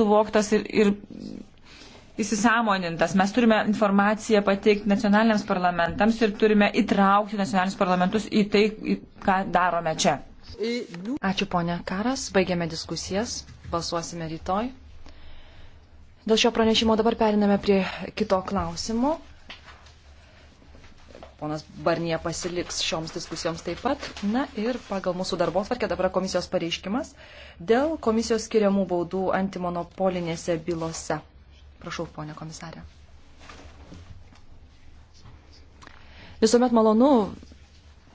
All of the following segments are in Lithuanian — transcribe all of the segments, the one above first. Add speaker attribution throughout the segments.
Speaker 1: suvoktas ir, ir įsisamonintas. Mes turime informaciją pateikti nacionaliniams parlamentams ir turime įtraukti nacionalinius parlamentus į tai, į ką darome čia. Ačiū ponia Karas, baigiame diskusijas, balsuosime rytoj.
Speaker 2: Dėl šio pranešimo dabar periname prie kito klausimo ponas Barnie pasiliks šioms diskusijoms taip pat. Na ir pagal mūsų darbos varkė dabar komisijos pareiškimas dėl komisijos skiriamų baudų antimonopolinėse bylose. Prašau, ponė komisarė. Visuomet malonu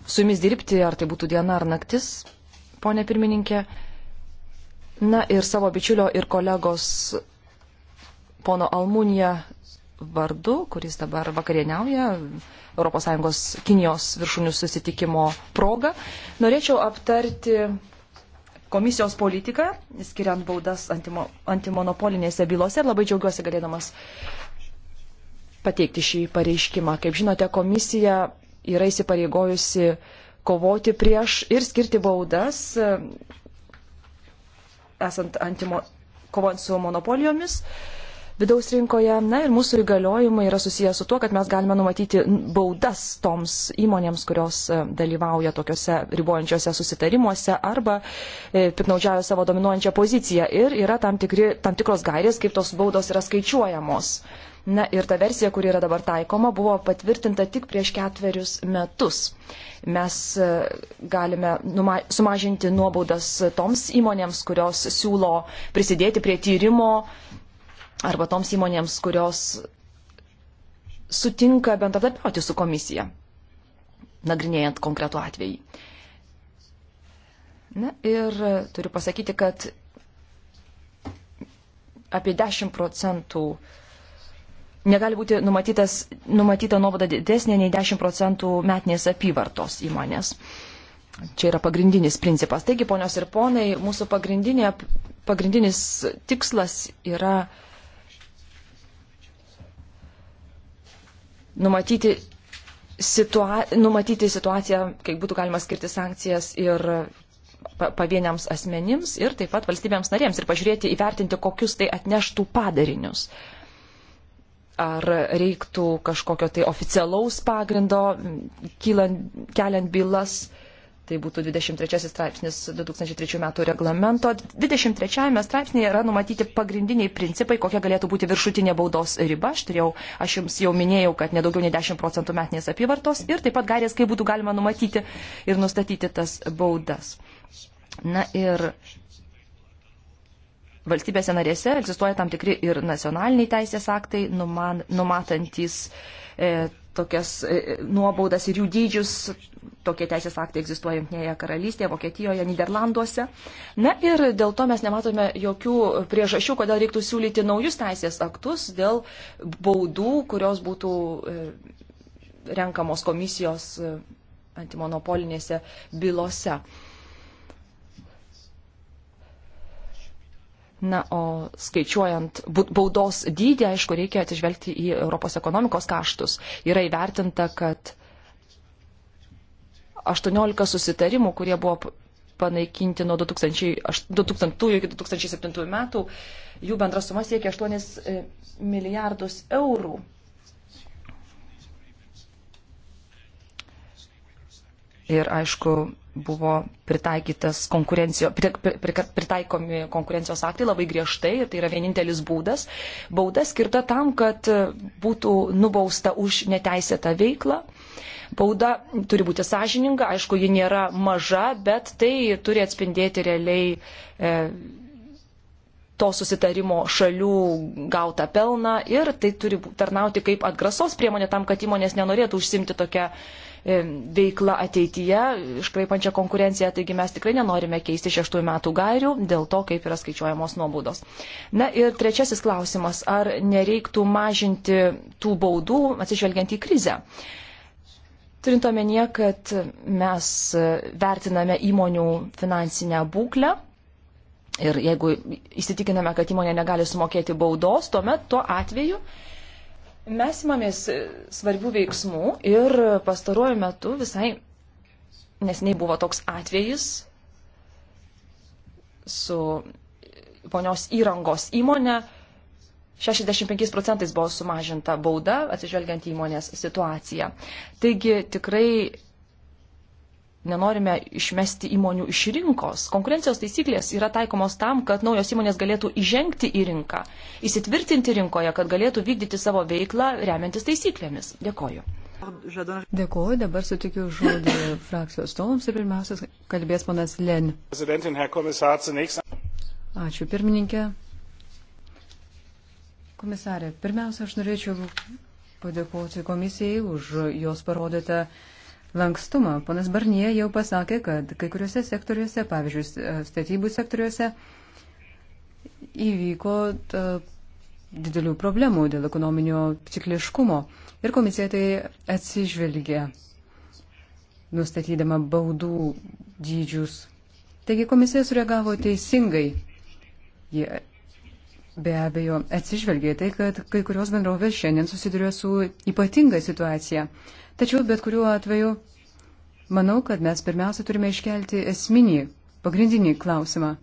Speaker 2: su jumis dirbti, ar tai būtų diena ar naktis, ponė pirmininkė. Na ir savo bičiulio ir kolegos pono Almunija vardu, kuris dabar vakarieniauja ES Kinijos viršūnių susitikimo progą. Norėčiau aptarti komisijos politiką, skiriant baudas antimo, antimonopolinėse bylose ir labai džiaugiuosi galėdamas pateikti šį pareiškimą. Kaip žinote, komisija yra įsipareigojusi kovoti prieš ir skirti baudas, e, esant antimo, kovant su monopolijomis. Uh, vidaus rinkoje. Na ir mūsų įgaliojimai yra susijęs su tuo, kad mes galime numatyti baudas toms įmonėms, kurios e, dalyvauja tokiuose ribojančiuose susitarimuose arba e, piknaudžiavo savo dominuojančią poziciją. Ir yra tam, tikri, tam tikros gairės, kaip tos baudos yra skaičiuojamos. Na ir ta versija, kuri yra dabar taikoma, buvo patvirtinta tik prieš ketverius metus. Mes e, galime numa, sumažinti nuobaudas toms įmonėms, kurios siūlo prisidėti prie tyrimo arba toms įmonėms, kurios sutinka bendradarbiauti su komisija, nagrinėjant konkretų atvejį. Na ir turiu pasakyti, kad apie 10 procentų negali būti numatyta nuovada didesnė nei 10 procentų metinės apyvartos įmonės. Čia yra pagrindinis principas. Taigi, ponios ir ponai, mūsų pagrindinė, pagrindinis tikslas yra numatyti, situa numatyti situaciją, kaip būtų galima skirti sankcijas ir pavieniams asmenims ir taip pat valstybėms narėms ir pažiūrėti, įvertinti, kokius tai atneštų padarinius. Ar reiktų kažkokio tai oficialaus pagrindo, kylant, keliant bylas Tai būtų 23 straipsnis 2003 metų reglamento. 23 straipsnėje yra numatyti pagrindiniai principai, kokia galėtų būti viršutinė baudos riba. Aš, turėjau, aš jums jau minėjau, kad nedaugiau nei 10 procentų metinės apyvartos ir taip pat gairės, kaip būtų galima numatyti ir nustatyti tas baudas. Na ir valstybėse narėse egzistuoja tam tikri ir nacionaliniai teisės aktai, numan, numatantis. E, tokias e, nuobaudas ir jų dydžius tokie teisės aktai egzistuoja Junktinėje karalystėje, Vokietijoje, Niderlanduose. Na ir dėl to mes nematome jokių priežasčių, kodėl reiktų siūlyti naujus teisės aktus dėl baudų, kurios būtų e, renkamos komisijos e, antimonopolinėse bylose. Na, o skaičiuojant baudos dydį, aišku, reikia atsižvelgti į Europos ekonomikos kaštus. Yra įvertinta, kad 18 susitarimų, kurie buvo panaikinti nuo 2000, 2000 iki 2007 metų, jų bendra suma siekia 8 e, milijardus eurų. Ir aišku, buvo pritaikytas konkurencijos, pritaikomi konkurencijos aktai labai griežtai ir tai yra vienintelis būdas. Bauda skirta tam, kad e, būtų nubausta už neteisėtą veiklą Bauda turi būti sąžininga, aišku, ji nėra maža, bet tai turi atspindėti realiai. E, to susitarimo šalių gautą pelną ir tai turi tarnauti kaip atgrasos priemonė tam, kad įmonės nenorėtų užsimti tokią e, veikla ateityje, iškraipančią konkurenciją, taigi mes tikrai nenorime keisti šeštųjų metų gairių dėl to, kaip yra skaičiuojamos nuobaudos. Na ir trečiasis klausimas, ar nereiktų mažinti tų baudų atsižvelgiant į krizę? Uh, turint omenyje, kad mes vertiname įmonių finansinę būklę ir jeigu įsitikiname, kad įmonė negali sumokėti baudos, tuomet tuo atveju mes imamės svarbių veiksmų ir pastaruoju metu visai nesiniai buvo toks atvejis su ponios įrangos įmonė, 65 procentais buvo sumažinta bauda, atsižvelgiant į įmonės situaciją. Taigi tikrai nenorime išmesti įmonių iš rinkos. Konkurencijos taisyklės yra taikomos tam, kad naujos įmonės galėtų įžengti į rinką, įsitvirtinti rinkoje, kad galėtų vykdyti savo veiklą remiantis taisyklėmis. Dėkoju.
Speaker 3: Dėkuoju, dabar sutikiu žodį frakcijos stovams ir pirmiausias kalbės ponas Len. Ačiū pirmininkė, Komisarė, pirmiausia, aš norėčiau padėkoti komisijai už jos parodytą lankstumą. Ponas Barnie jau pasakė, kad kai kuriuose sektoriuose, pavyzdžiui, statybų sektoriuose, įvyko didelių problemų dėl ekonominio cikliškumo ir komisija tai atsižvelgia, nustatydama baudų dydžius. Taigi komisija sureagavo teisingai. Jie Be abejo, atsižvelgiai tai, kad kai kurios bendrovės šiandien susiduria su ypatinga situacija. Tačiau bet kuriuo atveju, manau, kad mes pirmiausia turime iškelti esminį, pagrindinį klausimą.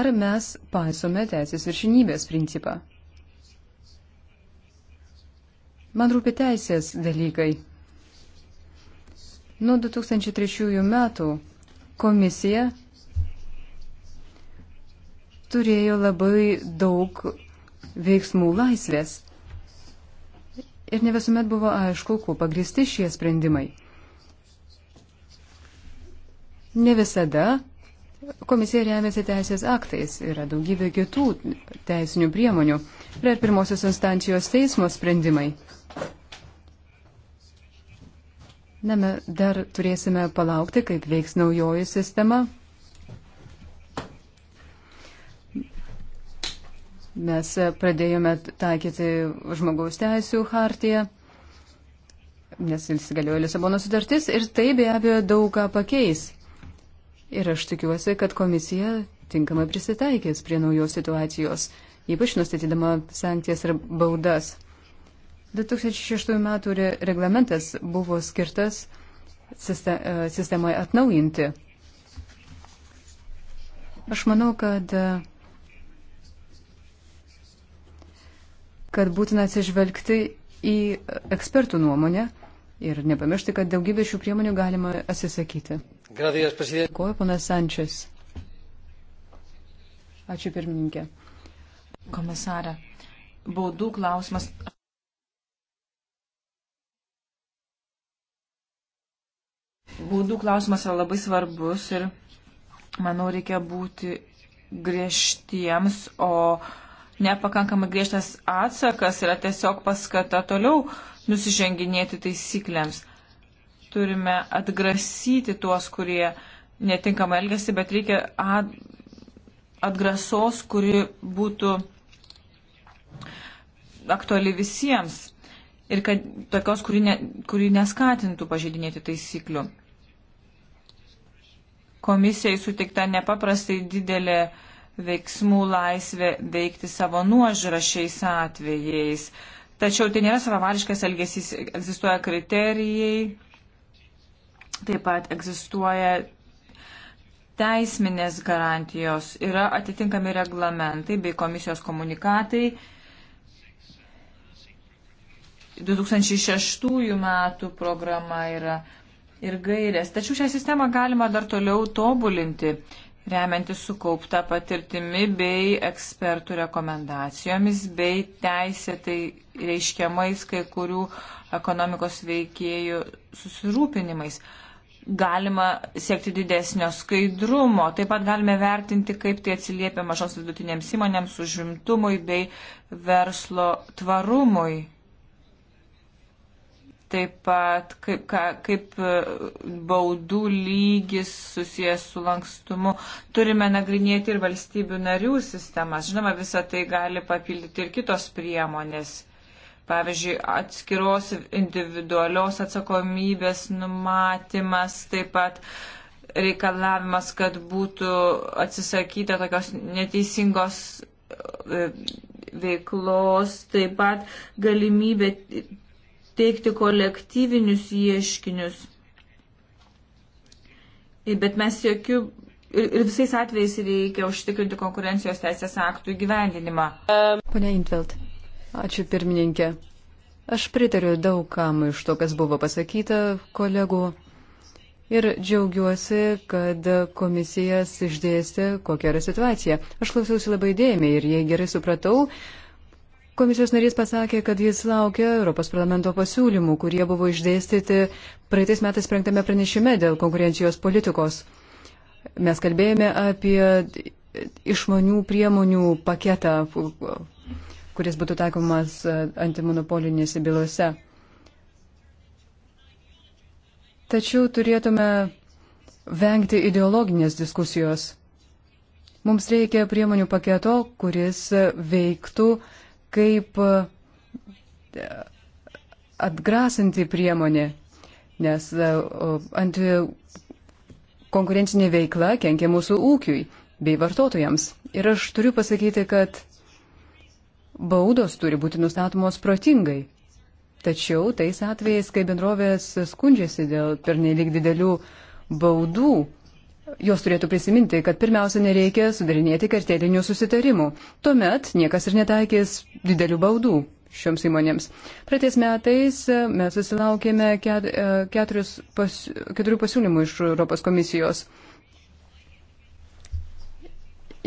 Speaker 3: Ar mes paisome teisės viršinybės principą? Man rūpi teisės dalykai. Nuo 2003 metų komisija turėjo labai daug veiksmų laisvės. Ir ne visuomet buvo aišku, kuo pagristi šie sprendimai. Ne visada komisija remiasi teisės aktais, yra daugybė kitų teisinių priemonių, yra ir pirmosios instancijos teismo sprendimai. Na, dar turėsime palaukti, kaip veiks naujoji sistema. Mes pradėjome taikyti žmogaus teisų hartiją, nes įsigaliojo Lisabono sutartis ir tai be abejo daug ką pakeis. Ir aš tikiuosi, kad komisija tinkamai prisitaikys prie naujos situacijos, ypač nustatydama sankcijas ir baudas. 2006 m. reglamentas buvo skirtas e, sistemai atnaujinti. Aš manau, kad, kad būtina atsižvelgti į ekspertų nuomonę ir nepamiršti, kad daugybė šių priemonių galima atsisakyti. Dėkuoju, ponas Sančias. Ačiū pirmininkė. Komisarė,
Speaker 1: baudų klausimas. Baudų klausimas yra labai svarbus ir, manau, reikia būti griežtiems, o nepakankamai griežtas atsakas yra tiesiog paskata toliau nusiženginėti taisyklėms. Turime atgrasyti tuos, kurie netinkamai elgesi, bet reikia atgrasos, kuri būtų aktuali visiems ir kad tokios, kuri, ne, kuri neskatintų pažeidinėti taisyklių komisijai sutikta nepaprastai didelė veiksmų laisvė veikti savo nuožiūrą šiais atvejais. Tačiau tai nėra savavališkas elgesys, egzistuoja kriterijai, taip pat egzistuoja teisminės garantijos, yra atitinkami reglamentai bei komisijos komunikatai. 2006 metų programa yra ir gairės. Tačiau šią sistemą galima dar toliau tobulinti, remiantis sukaupta patirtimi bei ekspertų rekomendacijomis bei teisėtai reiškiamais kai kurių ekonomikos veikėjų susirūpinimais. Galima siekti didesnio skaidrumo, taip pat galime vertinti, kaip tai atsiliepia mažos vidutinėms įmonėms užimtumui bei verslo tvarumui taip pat kaip, ka, kaip e, baudų lygis susijęs su lankstumu. Turime nagrinėti ir valstybių narių sistemas. Žinoma, visą tai gali papildyti ir kitos priemonės. Pavyzdžiui, atskiros individualios atsakomybės numatymas, taip pat reikalavimas, kad būtų atsisakyta tokios neteisingos e, veiklos, taip pat galimybė teikti kolektyvinius ieškinius. Bet mes jokių ir, ir visais atvejais reikia užtikrinti konkurencijos teisės aktų įgyvendinimą. Pane
Speaker 3: Intveld, ačiū pirmininkė. Aš pritariu daugam iš to, kas buvo pasakyta kolegų. Ir džiaugiuosi, kad komisijas išdėstė, kokia yra situacija. Aš klausiausi labai dėmiai ir jei gerai supratau, Komisijos narys pasakė, kad jis laukia Europos parlamento pasiūlymų, kurie buvo išdėstyti praeitais metais sprendtame pranešime dėl konkurencijos politikos. Mes kalbėjome apie išmanių priemonių paketą, kuris būtų taikomas antimonopolinėse bylose. Tačiau turėtume vengti ideologinės diskusijos. Mums reikia priemonių paketo, kuris veiktų uh, kaip e, atgrasanti priemonė, nes e, ant konkurencinė veikla kenkia mūsų ūkiui bei vartotojams. Ir aš turiu pasakyti, kad baudos turi būti nustatomos protingai. Tačiau tais atvejais, kai bendrovės skundžiasi dėl pernelik didelių baudų, Jos turėtų prisiminti, kad pirmiausia nereikia sudarinėti kartelinių susitarimų. Tuomet niekas ir netaikys didelių baudų šioms įmonėms. Praeitais metais e, mes susilaukėme ket, e, pas, keturių pasiūlymų iš Europos komisijos.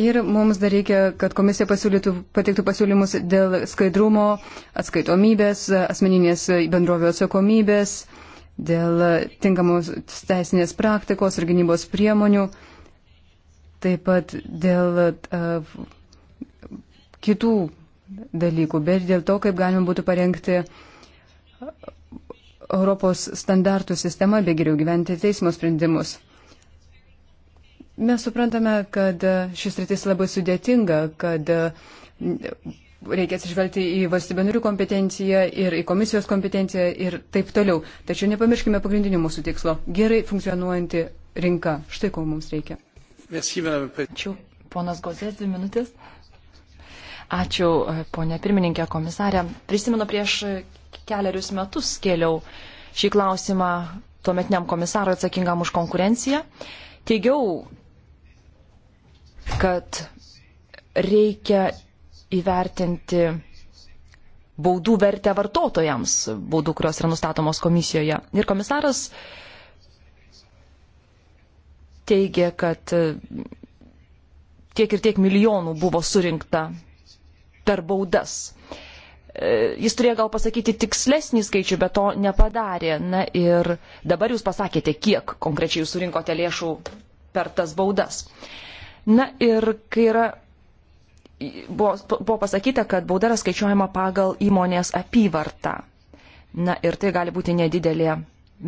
Speaker 3: Ir mums dar reikia, kad komisija pateiktų pasiūlymus dėl skaidrumo, atskaitomybės, asmeninės bendrovio atsakomybės. So dėl tinkamos teisinės praktikos ir gynybos priemonių, taip pat dėl uh, kitų dalykų, bet dėl to, kaip galima būtų parengti Europos standartų sistemą bei geriau gyventi teismo sprendimus. Mes suprantame, kad šis rytis labai sudėtinga, kad reikia atsižvelgti į valstybę narių kompetenciją ir į komisijos kompetenciją ir taip toliau. Tačiau nepamirškime pagrindinio mūsų tikslo - gerai funkcionuojanti rinka. Štai ko mums reikia. Ačiū. Ponas Gozės, dvi minutės. Ačiū, e, ponė
Speaker 2: pirmininkė komisarė. Prisimenu, prieš keliarius metus kėliau šį klausimą tuometiniam komisarui atsakingam už konkurenciją. Teigiau, kad reikia įvertinti baudų vertę vartotojams, baudų, kurios yra nustatomos komisijoje. Ir komisaras teigia, kad tiek ir tiek milijonų buvo surinkta per baudas. E, jis turėjo gal pasakyti tikslesnį skaičių, bet to nepadarė. Na ir dabar jūs pasakėte, kiek konkrečiai jūs surinkote lėšų per tas baudas. Na ir kai yra buvo, buvo pasakyta, kad bauda yra skaičiuojama pagal įmonės apyvartą. Na ir tai gali būti nedidelė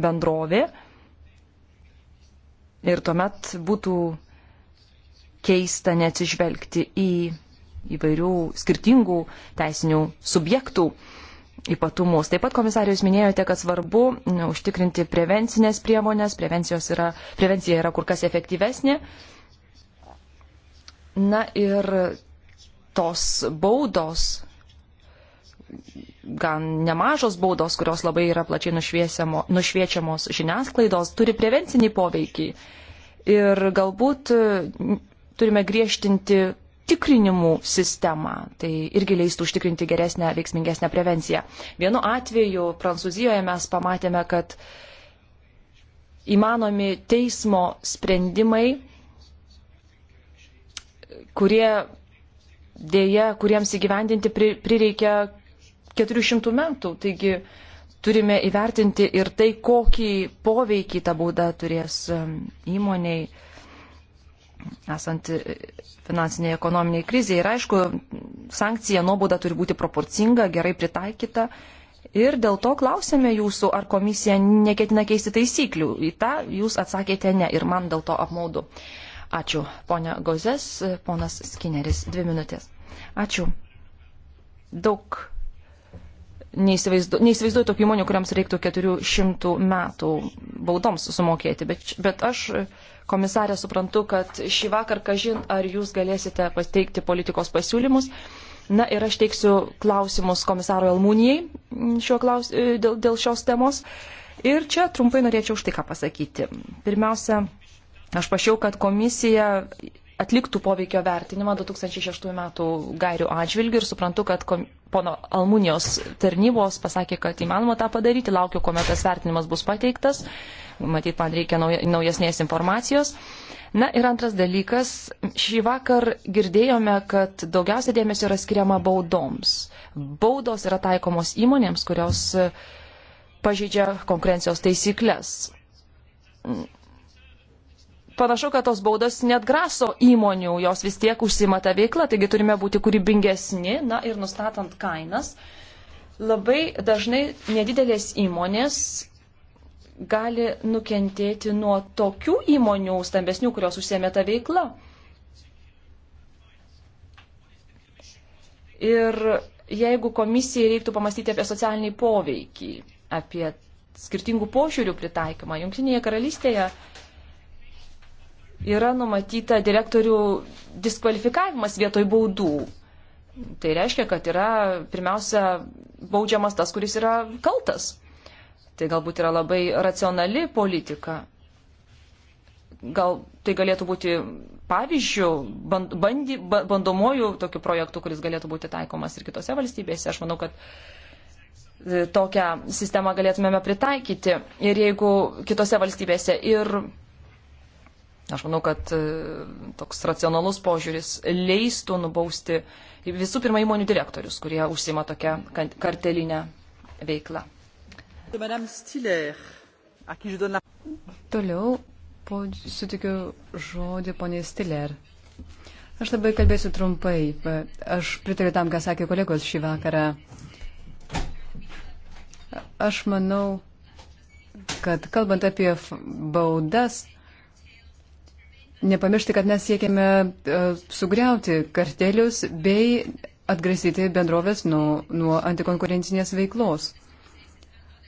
Speaker 2: bendrovė. Ir tuomet būtų keista neatsižvelgti į įvairių skirtingų teisinių subjektų ypatumus. Taip pat komisarijus minėjote, kad svarbu ne, užtikrinti prevencinės priemonės, yra, prevencija yra kur kas efektyvesnė. Na ir tos baudos, gan nemažos baudos, kurios labai yra plačiai nušviečiamos žiniasklaidos, turi prevencinį poveikį. Ir galbūt turime griežtinti tikrinimų sistemą. Tai irgi leistų užtikrinti geresnę, veiksmingesnę prevenciją. Vienu atveju Prancūzijoje mes pamatėme, kad įmanomi teismo sprendimai, kurie dėja, kuriems įgyvendinti prireikia 400 metų. Taigi turime įvertinti ir tai, kokį poveikį ta bauda turės um, įmoniai esant e, finansiniai ekonominiai kriziai. Ir aišku, sankcija nuobauda turi būti proporcinga, gerai pritaikyta. Ir dėl to klausėme jūsų, ar komisija neketina keisti taisyklių. Į tą jūs atsakėte ne ir man dėl to apmaudu. Ačiū, ponia Gozes, ponas Skineris, dvi minutės. Ačiū. Daug neįsivaizdu, neįsivaizduoju tokių įmonių, kuriams reiktų 400 metų baudoms sumokėti, bet, bet aš, komisarė, suprantu, kad šį vakar, kažin, ar jūs galėsite pateikti politikos pasiūlymus. Na ir aš teiksiu klausimus komisaro Almūnijai klaus, dėl, dėl šios temos. Ir čia trumpai norėčiau štai ką pasakyti. Pirmiausia, Aš pašiau, kad komisija atliktų poveikio vertinimą 2006 metų gairių atžvilgių ir suprantu, kad kom... pono Almunijos tarnybos pasakė, kad įmanoma tą padaryti, laukiu, kuomet tas vertinimas bus pateiktas, matyt, man reikia nauja... naujasnės informacijos. Na ir antras dalykas, šį vakar girdėjome, kad daugiausia dėmesio yra skiriama baudoms. Baudos yra taikomos įmonėms, kurios e, pažeidžia konkurencijos taisyklės panašu, kad tos baudos net graso įmonių, jos vis tiek užsima tą veiklą, taigi turime būti kūrybingesni, na ir nustatant kainas. Labai dažnai nedidelės įmonės gali nukentėti nuo tokių įmonių stambesnių, kurios užsėmė tą veiklą. Ir jeigu komisijai reiktų pamastyti apie socialinį poveikį, apie skirtingų požiūrių pritaikymą, Junktinėje karalystėje yra numatyta direktorių diskvalifikavimas vietoj baudų. Tai reiškia, kad yra pirmiausia baudžiamas tas, kuris yra kaltas. Tai galbūt yra labai racionali politika. Gal tai galėtų būti pavyzdžių, bandy, bandomojų tokių projektų, kuris galėtų būti taikomas ir kitose valstybėse. Aš manau, kad e, tokią sistemą galėtumėme pritaikyti ir jeigu kitose valstybėse ir Aš manau, kad e, toks racionalus požiūris leistų nubausti visų pirma įmonių direktorius, kurie užsima tokią kartelinę veiklą.
Speaker 3: Toliau po, sutikiu žodį poniai Stiller. Aš labai kalbėsiu trumpai. Aš pritariu tam, ką sakė kolegos šį vakarą. Aš manau, kad kalbant apie baudas, nepamiršti, kad mes siekiame e, sugriauti kartelius bei atgrasyti bendrovės nuo, nuo antikonkurencinės veiklos.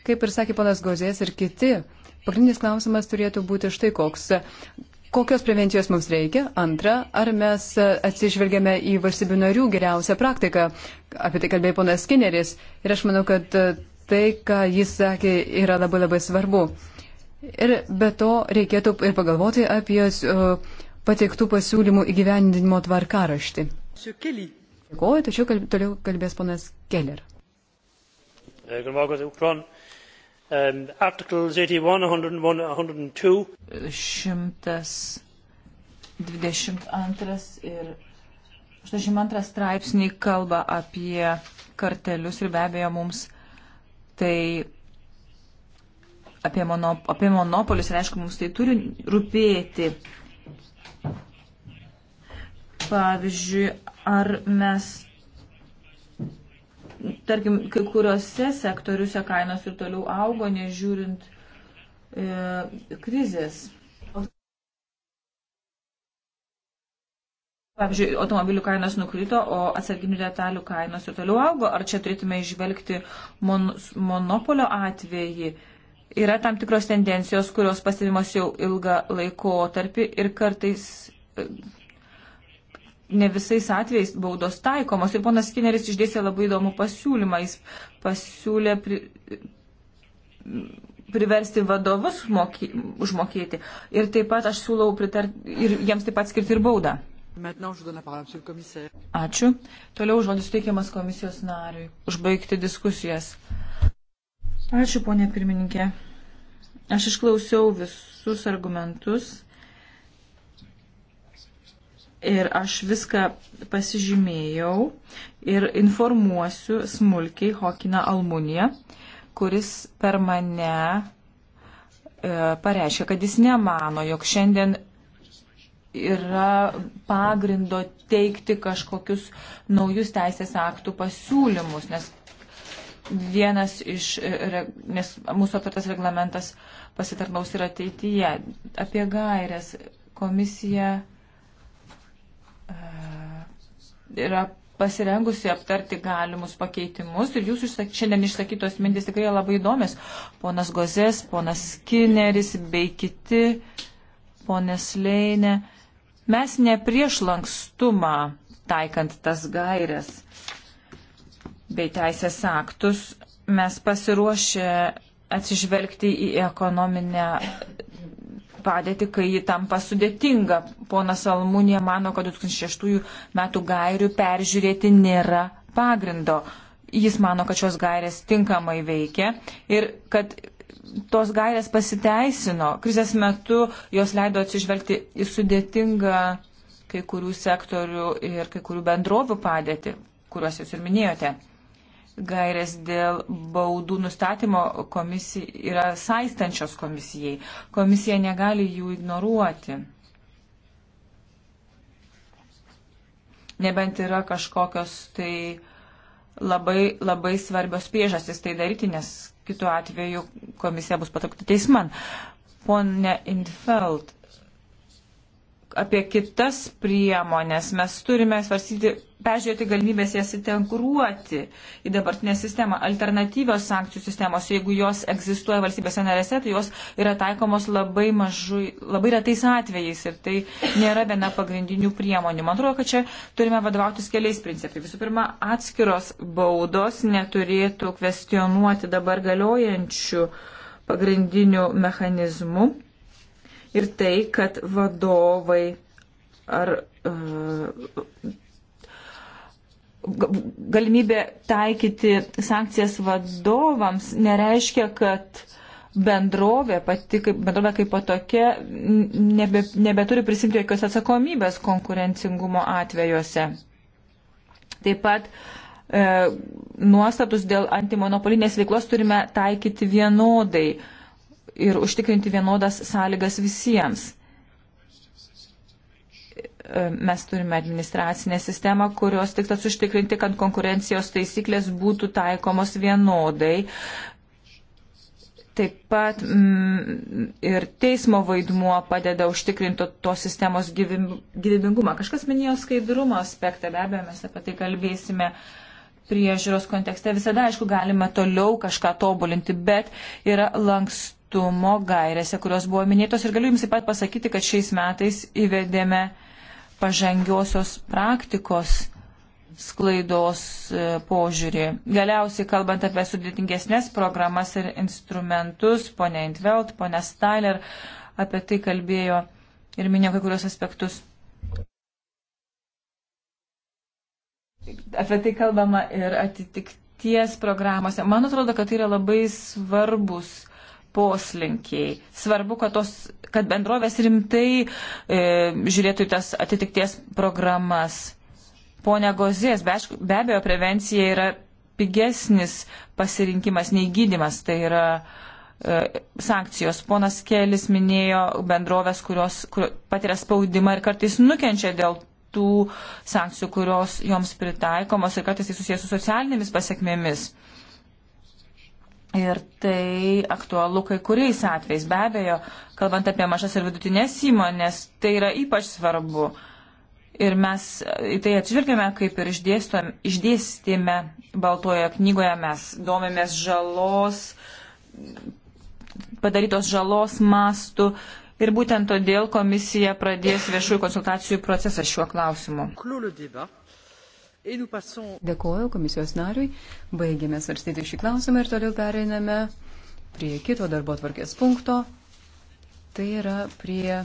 Speaker 3: Kaip ir sakė ponas Gozės ir kiti, pagrindinis klausimas turėtų būti štai koks. Kokios prevencijos mums reikia? Antra, ar mes atsižvelgiame į valstybių narių geriausią praktiką? Apie tai kalbėjo ponas Skinneris ir aš manau, kad tai, ką jis sakė, yra labai labai svarbu. Ir be to reikėtų ir pagalvoti apie e, pateiktų pasiūlymų įgyvendinimo tvarkaraštį. Dėkuoju, tačiau kalb, toliau kalbės ponas Keller.
Speaker 1: Articles 81, 101, 102. 122 ir 82 straipsniai kalba apie kartelius ir be abejo mums tai apie, mono, apie monopolius ir aišku, mums tai turi rūpėti. Pavyzdžiui, ar mes, tarkim, kai kuriuose sektoriuose kainos ir toliau augo, nežiūrint e, krizės. Pavyzdžiui, automobilių kainos nukrito, o atsarginių detalių kainos ir toliau augo. Ar čia turėtume išvelgti mon, monopolio atvejį? E, Yra tam tikros tendencijos, kurios pastebimos jau ilgą laikotarpį ir kartais e, ne visais atvejais baudos taikomos. Ir ponas Skinneris išdėsė labai įdomų pasiūlymą. Jis pasiūlė pri, priversti vadovus moky, užmokėti. Ir taip pat aš siūlau pritarti ir jiems taip pat skirti ir baudą. Ačiū. Toliau žodis teikiamas komisijos nariui. Užbaigti diskusijas. Ačiū, ponė pirmininkė. Aš išklausiau visus argumentus ir aš viską pasižymėjau ir informuosiu smulkiai Hokina Almuniją, kuris per mane e, pareiškia, kad jis nemano, jog šiandien yra pagrindo teikti kažkokius naujus teisės aktų pasiūlymus, nes vienas iš, e, nes mūsų aptartas reglamentas pasitarnaus ir ateityje. Apie gairias komisija e, yra pasirengusi aptarti galimus pakeitimus ir jūsų išsak, šiandien išsakytos mintis tikrai labai įdomios. Ponas Gozės, ponas Skinneris bei kiti, ponas Leinė. Mes ne prieš lankstumą taikant tas gairias bei teisės aktus, mes pasiruošę atsižvelgti į ekonominę padėtį, kai ji tampa sudėtinga. Ponas Almūnė mano, kad 2006 metų gairių peržiūrėti nėra pagrindo. Jis mano, kad šios gairės tinkamai veikia ir kad tos gairės pasiteisino. Krizės metu jos leido atsižvelgti į sudėtingą kai kurių sektorių ir kai kurių bendrovių padėtį, kuriuos jūs ir minėjote gairės dėl baudų nustatymo komisija, yra saistančios komisijai. Komisija negali jų ignoruoti. Nebent yra kažkokios tai labai, labai svarbios priežastys tai daryti, nes kitu atveju komisija bus patraukta teisman. Pone Infeld, apie kitas priemonės. Mes turime svarstyti, peržiūrėti galimybės jas įtenkruoti į dabartinę sistemą. Alternatyvios sankcijų sistemos, jeigu jos egzistuoja valstybėse narėse, tai jos yra taikomos labai, mažu, labai retais atvejais ir tai nėra viena pagrindinių priemonių. Man atrodo, kad čia turime vadovautis keliais principai. Visų pirma, atskiros baudos neturėtų kvestionuoti dabar galiojančių pagrindinių mechanizmų ir tai, kad vadovai ar uh, galimybė taikyti sankcijas vadovams nereiškia, kad bendrovė pati, kaip, bendrovė kaip po tokia, nebe, nebeturi prisimti jokios atsakomybės konkurencingumo atvejuose. Taip pat e, nuostatus dėl antimonopolinės veiklos turime taikyti vienodai. E, ir užtikrinti vienodas sąlygas visiems. E, mes turime administracinę sistemą, kurios tikslas užtikrinti, kad konkurencijos taisyklės būtų taikomos vienodai. Taip pat mm, ir teismo vaidmuo padeda užtikrinti tos sistemos gyvybingumą. Kažkas minėjo skaidrumo aspektą, be abejo, mes apie tai kalbėsime priežiūros kontekste. Visada, aišku, galima toliau kažką tobulinti, bet yra lankstų užimtumo gairėse, kurios buvo minėtos. Ir galiu Jums taip pat pasakyti, kad šiais metais įvedėme pažangiosios praktikos sklaidos e, požiūrį. Galiausiai, kalbant apie sudėtingesnės programas ir instrumentus, ponia Intveld, ponia Styler apie tai kalbėjo ir minėjo kai kurios aspektus. Apie tai kalbama ir atitikti ties programuose. Man atrodo, kad tai yra labai svarbus poslinkiai. Svarbu, kad, tos, kad bendrovės rimtai e, žiūrėtų į tas atitikties programas. Pone Gozės, be, be abejo, prevencija yra pigesnis pasirinkimas nei gydimas. Tai yra e, sankcijos. Ponas Kelis minėjo bendrovės, kurios kur, patiria spaudimą ir kartais nukenčia dėl tų sankcijų, kurios joms pritaikomos ir kartais tai susijęs su socialinėmis pasiekmėmis. E, Ir tai aktualu kai kuriais atvejais. Be abejo, kalbant apie mažas ir vidutinės įmonės, tai yra ypač svarbu. Ir mes į tai atžvilgiame, kaip ir išdėstėme Baltojoje knygoje, mes domėmės žalos, padarytos žalos mastų. Ir būtent todėl komisija pradės viešųjų konsultacijų procesą šiuo
Speaker 3: klausimu. E Dėkuoju komisijos nariui. Baigėme svarstyti šį klausimą ir toliau pereiname prie kito darbo tvarkės punkto. Tai yra prie